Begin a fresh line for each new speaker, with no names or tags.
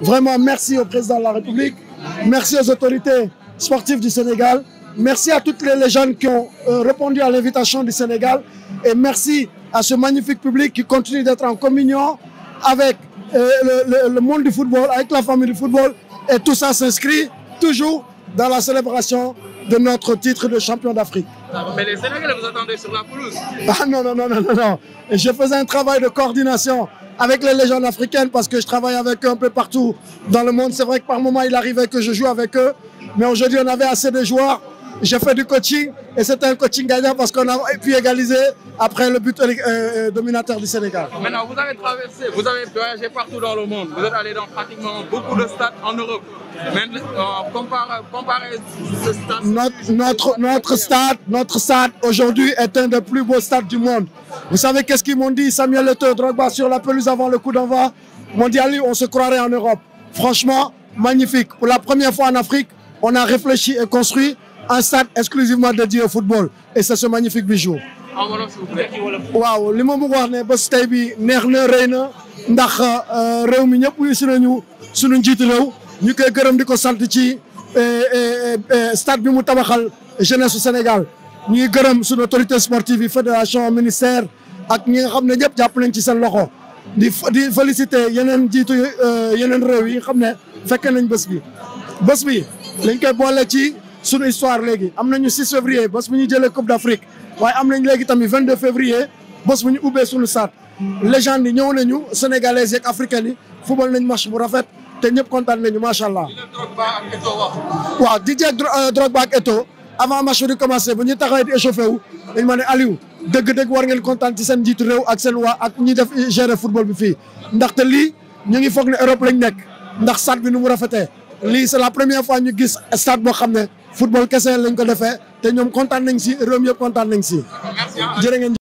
Vraiment, merci au président de la République, merci aux autorités sportives du Sénégal, merci à toutes les, les jeunes qui ont euh, répondu à l'invitation du Sénégal et merci à ce magnifique public qui continue d'être en communion avec euh, le, le, le monde du football, avec la famille du football et tout ça s'inscrit toujours dans la célébration de notre titre de champion d'Afrique. Ah, mais les Sénégalais vous attendaient sur la pelouse. Ah non, non, non, non, non, non. Et je faisais un travail de coordination avec les légendes africaines parce que je travaille avec eux un peu partout dans le monde. C'est vrai que par moment, il arrivait que je joue avec eux. Mais aujourd'hui, on avait assez de joueurs J'ai fait du coaching et coaching parce qu'on a pu égaliser après le but euh, euh, dominateur du Sénégal. vous avez traversé, partout dans le monde. Vous êtes allé dans pratiquement euh, stade. aujourd'hui est un des plus beaux stades du monde. Vous savez qu'est-ce qu'ils m'ont dit, Samuel Eto'o, Drogba sur la pelouse avant le coup d'envoi? M'ont on se croirait en Europe. Franchement, magnifique. Pour la première fois en Afrique, on a réfléchi et construit. un stade exclusivement dédié au football et c'est ce magnifique bijou. waaw li ma bëgg wax ne bés tey bi neex na rëy na ndax euh, réew mi ñëpp wuyu si nañu suñu njiitu réew ñu koy gërëm di ko sant ci eh, eh, eh, stade bi mu tabaxal jeunesse su Sénégal ñuy gërëm suñu autorité sportive yi fédération ministère ak ñi nga xam ne ñëpp jàpp nañ ci seen loxo di di féliciter yeneen njiitu euh, yeneen réew yi nga xam ne fekke nañ bés bi bés bi lañ koy boole ci. suñu histoire léegi am nañu 6 février bés bu ñu jëlee Coupe d'Afrique waaye am nañ léegi tamit 22 février bés bu ñu ubbee suñu saat légende yi ñëw nañu sénégalais yeeg africains yi football nañ match bu rafet te ñëpp kontaan nañu macha allah. waaw Didier Drogba ak Eto'o euh, avant match bi commencé bu ñu taxawee di échauffé wu dañ ma ne Aliou dëgg-dëgg war ngeen kontaan ci seen njiitu réew ak seen waa ak ñi def gérer football bi fii ndaxte lii ñu ngi foog ne Europe lañ nekk ndax stade nu mu rafetee lii c'est la première fois ñu gis stade boo xam ne. football kese lañ ko defee te ñoom kontaan nañ si réew mi yëpp kontaan nañ si jërë ngeen